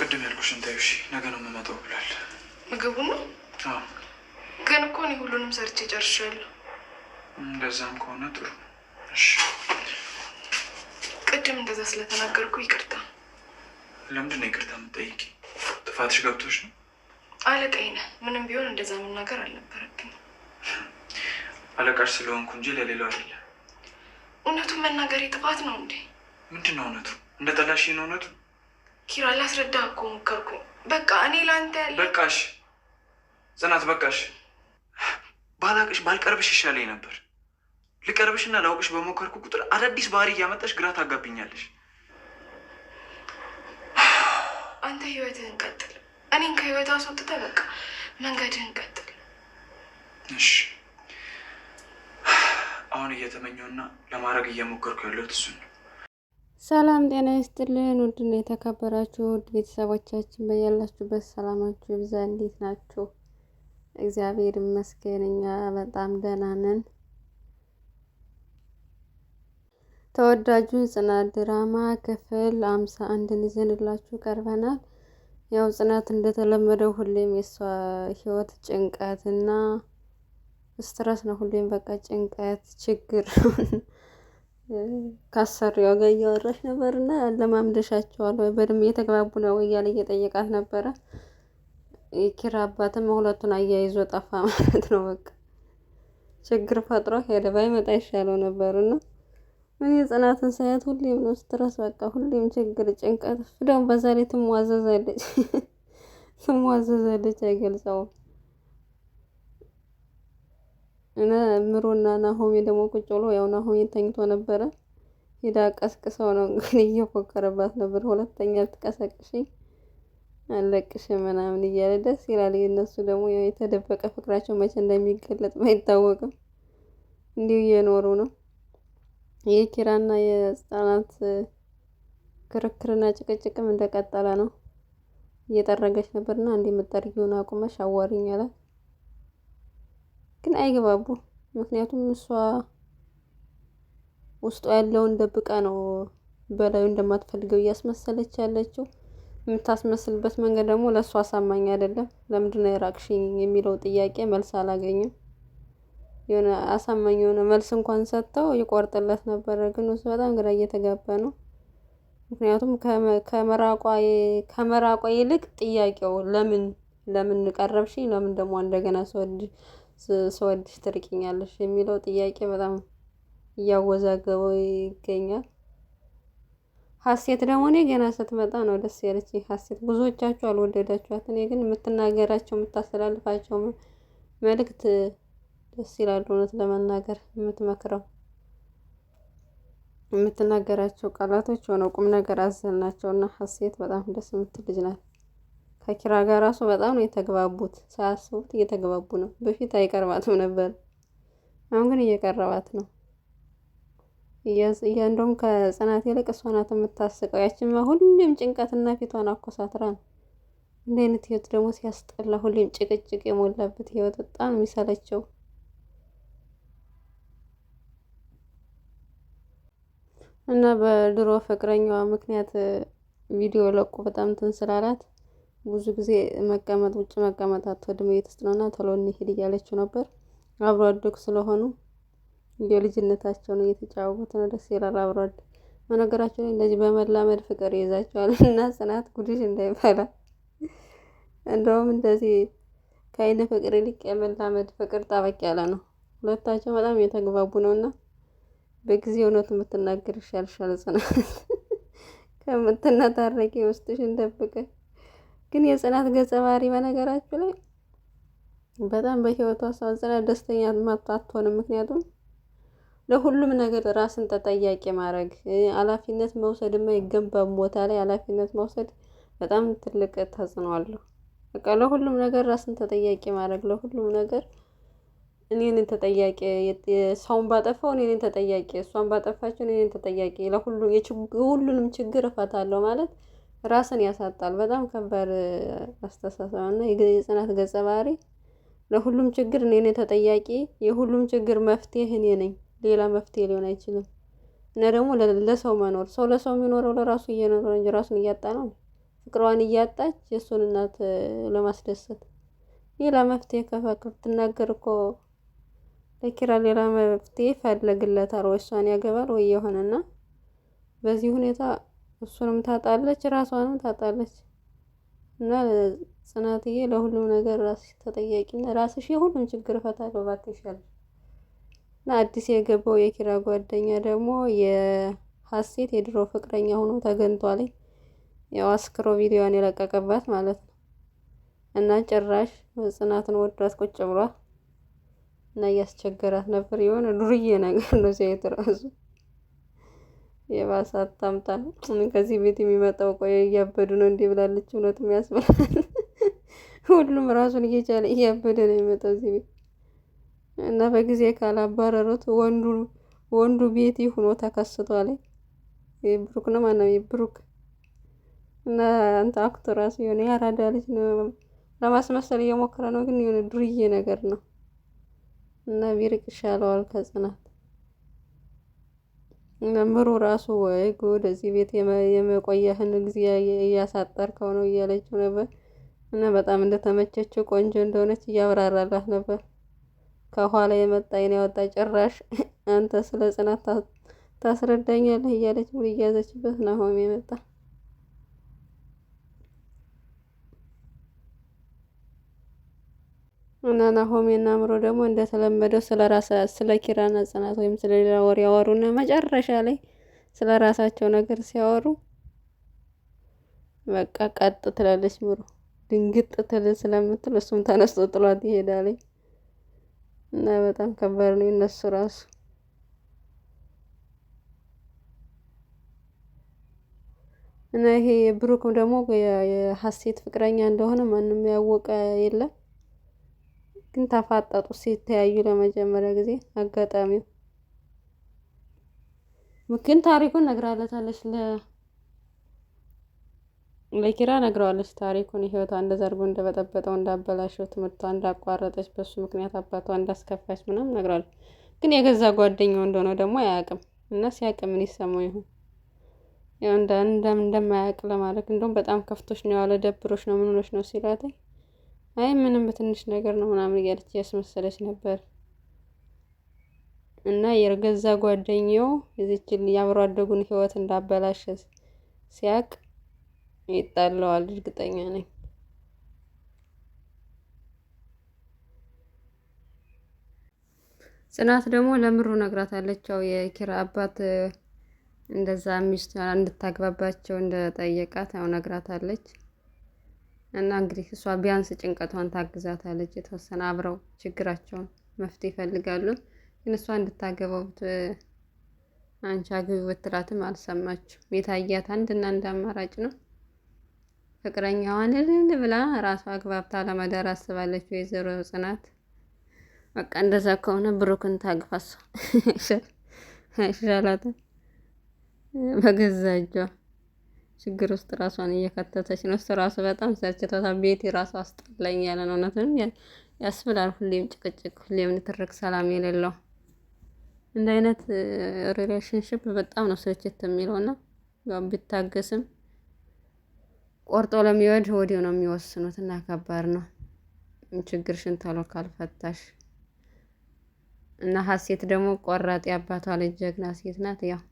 ቅድም ያልኩሽ እንታዩ እሺ፣ ነገ ነው የምመጣው ብሏል። ምግቡ ነው ግን እኮ እኔ ሁሉንም ሰርቼ ጨርሻለሁ። እንደዛም ከሆነ ጥሩ። እሺ፣ ቅድም እንደዛ ስለተናገርኩ ይቅርታ። ለምንድን ነው ይቅርታ የምጠይቂ? ጥፋትሽ ገብቶች ነው። አለቃዬ ነህ። ምንም ቢሆን እንደዛ መናገር አልነበረብኝ። አለቃሽ ስለሆንኩ እንጂ ለሌላው አይደለም። እውነቱን መናገሬ ጥፋት ነው እንዴ? ምንድን ነው እውነቱ? እንደ ጠላሽ ነው እውነቱ ኪራ ላስረዳ እኮ ሞከርኩ በቃ እኔ ለአንተ ያለ በቃሽ። ጽናት በቃሽ። ባላቅሽ ባልቀርብሽ ይሻለኝ ነበር። ልቀርብሽና ላውቅሽ በሞከርኩ ቁጥር አዳዲስ ባህሪ እያመጣሽ ግራ ታጋብኛለሽ። አንተ ህይወትህን ቀጥል፣ እኔን ከህይወት አስወጥተህ በቃ መንገድህን ቀጥል። እሺ አሁን እየተመኘውና ለማድረግ እየሞከርኩ ያለሁት እሱን ነው። ሰላም ጤና ይስጥልን። ውድና የተከበራችሁ ውድ ቤተሰቦቻችን በያላችሁበት ሰላማችሁ ይብዛ። እንዴት ናችሁ? እግዚአብሔር ይመስገን እኛ በጣም ደህና ነን። ተወዳጁን ጽናት ድራማ ክፍል አምሳ አንድን ይዘንላችሁ ቀርበናል። ያው ጽናት እንደተለመደው ሁሌም የእሷ ህይወት ጭንቀት እና ስትረስ ነው። ሁሌም በቃ ጭንቀት ችግር ካሰሪዋ ጋር እያወራች ነበር እና ለማምደሻቸዋል ወይ በደንብ እየተግባቡ ነው እያለ እየጠየቃት ነበረ። የኪራ አባትም ሁለቱን አያይዞ ጠፋ ማለት ነው። በቃ ችግር ፈጥሮ ሄደ። ባይመጣ ይሻለው ነበር እና ምን ጽናትን ሳያት ሁሌም ነው ስትረስ፣ በቃ ሁሌም ችግር፣ ጭንቀት። ደግሞ በዛ ላይ ትሟዘዛለች ትሟዘዛለች፣ አይገልጸውም እና ምሮና ናሆሜ ደግሞ ቁጭ ብሎ ያው ናሆሜ ተኝቶ ነበረ። ሄዳ ቀስቅሰው ነው እንግዲህ እየፎከረባት ነበር። ሁለተኛ ብትቀሰቅሽኝ አለቅሽ ምናምን እያለ ደስ ይላል። እነሱ ደግሞ የተደበቀ ፍቅራቸው መቼ እንደሚገለጥ ባይታወቅም እንዲሁ እየኖሩ ነው። የኪራና የህጻናት ክርክርና ጭቅጭቅም እንደቀጠለ ነው። እየጠረገች ነበርና እንዲህ የምጠርጊውን አቁመሽ አዋሪኝ አላት። ግን አይገባቡ ምክንያቱም እሷ ውስጧ ያለውን ደብቃ ነው በላዩ እንደማትፈልገው እያስመሰለች ያለችው። የምታስመስልበት መንገድ ደግሞ ለእሷ አሳማኝ አይደለም። ለምንድነው የራቅሽኝ የሚለው ጥያቄ መልስ አላገኝም። የሆነ አሳማኝ የሆነ መልስ እንኳን ሰጥተው ይቆርጥለት ነበረ። ግን እሱ በጣም ግራ እየተጋባ ነው። ምክንያቱም ከመራቋ ይልቅ ጥያቄው ለምን ለምን ቀረብሽኝ፣ ለምን ደግሞ እንደገና ሰው ስወድሽ ትርቂኛለሽ የሚለው ጥያቄ በጣም እያወዛገበው ይገኛል። ሀሴት ደግሞ እኔ ገና ስትመጣ ነው ደስ ያለች። ሀሴት ብዙዎቻችሁ አልወደዳችኋት፣ እኔ ግን የምትናገራቸው የምታስተላልፋቸው መልእክት ደስ ይላሉ። እውነት ለመናገር የምትመክረው የምትናገራቸው ቃላቶች የሆነው ቁም ነገር አዘል ናቸው እና ሀሴት በጣም ደስ የምትል ልጅ ናት። ከኪራ ጋር ራሱ በጣም ነው የተግባቡት። ሳያስቡት እየተግባቡ ነው። በፊት አይቀርባትም ነበር፣ አሁን ግን እየቀረባት ነው። እያንዶም ከጽናት ይልቅ እሷ ናት የምታስቀው። ያችማ ሁሌም ጭንቀትና ፊቷን አኮሳትራ ነው። እንደ አይነት ህይወት ደግሞ ሲያስጠላ፣ ሁሌም ጭቅጭቅ የሞላበት ህይወት በጣም የሚሰለቸው። እና በድሮ ፍቅረኛዋ ምክንያት ቪዲዮ ለቁ በጣም ትንስላላት ብዙ ጊዜ መቀመጥ ውጭ መቀመጥ አትወድም፣ ቤት ውስጥ ነውና ቶሎ እንሂድ እያለችው ነበር። አብሮ አደግ ስለሆኑ የልጅነታቸውን እየተጫወቱ ነው። ደስ ይላል አብሮ አደግ። በነገራቸው ላይ እንደዚህ በመላመድ ፍቅር ይይዛቸዋል እና ጽናት ጉድሽ እንዳይበላ እንደውም እንደዚህ ከአይነ ፍቅር ይልቅ የመላመድ ፍቅር ጣበቅ ያለ ነው። ሁለታቸው በጣም የተግባቡ ነው እና በጊዜ እውነት የምትናገር ይሻልሻል ጽናት ከምትናታረቂ ውስጥሽ እንደብቀ ግን የጽናት ገጸ ባህሪ በነገራችሁ ላይ በጣም በህይወቷ ሰው ጽናት ደስተኛ አትሆንም። ምክንያቱም ለሁሉም ነገር ራስን ተጠያቂ ማድረግ፣ ኃላፊነት መውሰድ የማይገባ ቦታ ላይ ኃላፊነት መውሰድ በጣም ትልቅ ተጽዕኖ አለው። በቃ ለሁሉም ነገር ራስን ተጠያቂ ማድረግ፣ ለሁሉም ነገር እኔን ተጠያቂ ሰውን ባጠፋው እኔን ተጠያቂ እሷን ባጠፋቸው እኔን ተጠያቂ ለሁሉም የሁሉንም ችግር እፈታለሁ ማለት ራስን ያሳጣል። በጣም ከባድ አስተሳሰብ እና የጽናት ገጸ ባህሪ ለሁሉም ችግር እኔ ነኝ ተጠያቂ፣ የሁሉም ችግር መፍትሄ እኔ ነኝ፣ ሌላ መፍትሄ ሊሆን አይችልም። እና ደግሞ ለሰው መኖር ሰው ለሰው የሚኖረው ለራሱ እየኖረ እንጂ ራሱን እያጣ ነው። ፍቅሯን እያጣች የእሱን እናት ለማስደሰት ሌላ መፍትሄ ከፈክ ብትናገር እኮ ለኪራ ሌላ መፍትሄ ፈለግለታል፣ ወይ እሷን ያገባል ወይ የሆነና በዚህ ሁኔታ እሱንም ታጣለች፣ ራሷንም ታጣለች። እና ጽናትዬ ለሁሉም ነገር ራስሽ ተጠያቂ እና ራስሽ የሁሉም ችግር ፈታ እባክሽ እና አዲስ የገባው የኪራ ጓደኛ ደግሞ የሀሴት የድሮ ፍቅረኛ ሆኖ ተገንቷል። ያው አስክሮ ቪዲዮዋን የለቀቀባት ማለት ነው። እና ጭራሽ ጽናትን ወዷት ቁጭ ብሏል እና እያስቸገራት ነበር። የሆነ ዱርዬ ነገር ነው ሴት ራሱ የባሰ አታምጣ። ከዚህ ቤት የሚመጣው ቆየ እያበዱ ነው እንዲህ ብላለች። እውነት ያስብላል። ሁሉም ራሱን እየቻለ እያበደ ነው የሚመጣው እዚህ ቤት እና በጊዜ ካላባረሩት ወንዱ ወንዱ ቤት ሆኖ ተከስቷል። ብሩክ ነው ማነው ብሩክ እና አንተ አክቶ ራሱ የሆነ ያራዳ ልጅ ነው ለማስመሰል እየሞከረ ነው፣ ግን የሆነ ዱርዬ ነገር ነው እና ቢርቅ ይሻለዋል ከጽናት መምህሩ ራሱ ወይ ጉድ እዚህ ቤት የመቆየህን ጊዜ እያሳጠርከው ነው እያለችው ነበር። እና በጣም እንደተመቸችው ቆንጆ እንደሆነች እያብራራላት ነበር። ከኋላ የመጣ ይን ያወጣ ጭራሽ አንተ ስለ ጽናት ታስረዳኛለህ እያለች ሙሉ እያዘችበት ናሆም የመጣ እና ናሆሜ እና አምሮ ደግሞ እንደተለመደው ስለ ራሳ ስለ ኪራና ጽናት ወይም ስለ ሌላ ወሬ ያወሩና መጨረሻ ላይ ስለ ራሳቸው ነገር ሲያወሩ በቃ ቀጥ ትላለች ምሩ። ድንግጥ ትል ስለምትል እሱም ተነስቶ ጥሏት ይሄዳል። እና በጣም ከባድ ነው እነሱ ራሱ እና ይሄ ብሩክ ደግሞ የሀሴት ፍቅረኛ እንደሆነ ማንም ያወቀ የለም። ግን ተፋጠጡ ሲተያዩ ለመጀመሪያ ጊዜ አጋጣሚው ምክን ታሪኩን ነግራለታለች ለኪራ ነግረዋለች ታሪኩን ህይወቷ እንደዛ አድርጎ እንደበጠበጠው እንዳበላሸው ትምህርቷ እንዳቋረጠች በሱ ምክንያት አባቷ እንዳስከፋች ምናምን ነግረዋለች ግን የገዛ ጓደኛው እንደሆነ ደግሞ አያውቅም እና ሲያውቅ ምን ይሰማው ይሆን ያው እንደማያውቅ ለማድረግ እንደውም በጣም ከፍቶች ነው ያለ ደብሮች ነው ምንኖች ነው ሲላተኝ አይ ምንም በትንሽ ነገር ነው ምናምን እያለች ያስመሰለች ነበር። እና የገዛ ጓደኛው የዚችን የአብሮ አደጉን ህይወት እንዳበላሸ ሲያቅ ይጣለዋል፣ እርግጠኛ ነኝ። ጽናት ደግሞ ለምሩ ነግራታለች። ያው የኪራ አባት እንደዛ ሚስት እንድታግባባቸው እንደጠየቃት ያው ነግራታለች። እና እንግዲህ እሷ ቢያንስ ጭንቀቷን ታግዛታለች። የተወሰነ አብረው ችግራቸውን መፍትሄ ይፈልጋሉ። ግን እሷ እንድታገባው አንቺ አግቢ ብትላትም አልሰማችም። የታያት አንድና አንድ አማራጭ ነው። ፍቅረኛዋን ብላ ራሷ አግባብታ ለመዳር አስባለች ወይዘሮ ጽናት። በቃ እንደዛ ከሆነ ብሩክን ታግፋሷ ይሻላታል በገዛ እጇ ችግር ውስጥ ራሷን እየከተተች ነው። እሱ ራሱ በጣም ሰልችቶታል። ቤቴ ራሱ አስጠላኝ ያለ ነው። እውነትም ያስብላል። ሁሌም ጭቅጭቅ፣ ሁሌም ንትርክ፣ ሰላም የሌለው እንደ አይነት ሪሌሽንሽፕ በጣም ነው ስልችት የሚለውና ብታገስም ቆርጦ ለሚወድ ወዲው ነው የሚወስኑት እና ከባድ ነው። ችግር ቶሎ ካልፈታሽ እና ሀሴት ደግሞ ቆራጥ ያባቷ ልጅ ጀግና ሴት ናት። ያው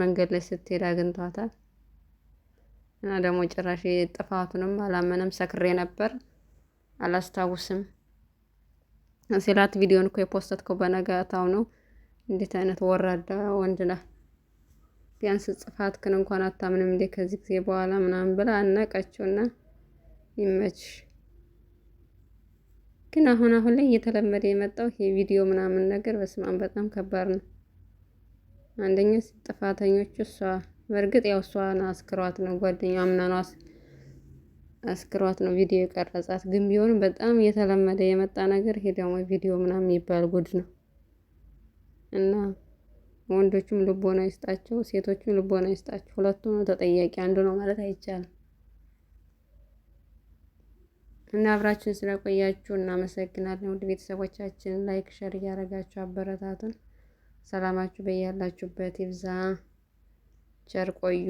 መንገድ ላይ ስትሄድ አግኝቷታል። እና ደግሞ ጭራሽ ጥፋቱንም አላመነም። ሰክሬ ነበር አላስታውስም ሲላት ቪዲዮን እኮ የፖስተትከው በነጋታው ነው። እንዴት አይነት ወራዳ ወንድ ነህ! ቢያንስ ጽፋትክን እንኳን አታምንም እንዴ ከዚህ ጊዜ በኋላ ምናምን ብላ አናቃቸውና ይመችሽ። ግን አሁን አሁን ላይ እየተለመደ የመጣው ይሄ ቪዲዮ ምናምን ነገር በስማም በጣም ከባድ ነው። አንደኛ ጥፋተኞቹ እሷ በእርግጥ ያው እሷን አስክሯት ነው ጓደኛዋ ምናኗስ አስክሯት ነው ቪዲዮ የቀረጻት። ግን ቢሆንም በጣም እየተለመደ የመጣ ነገር ይሄ ደግሞ ቪዲዮ ምናምን የሚባል ጉድ ነው እና ወንዶቹም ልቦና ይስጣቸው፣ ሴቶቹም ልቦና ይስጣቸው። ሁለቱ ነው ተጠያቂ፣ አንዱ ነው ማለት አይቻልም። እና አብራችን ስለቆያችሁ እናመሰግናለን። ውድ ቤተሰቦቻችን ላይክ፣ ሸር እያደረጋችሁ አበረታቱን። ሰላማችሁ በያላችሁበት ይብዛ። ቸር ቆዩ።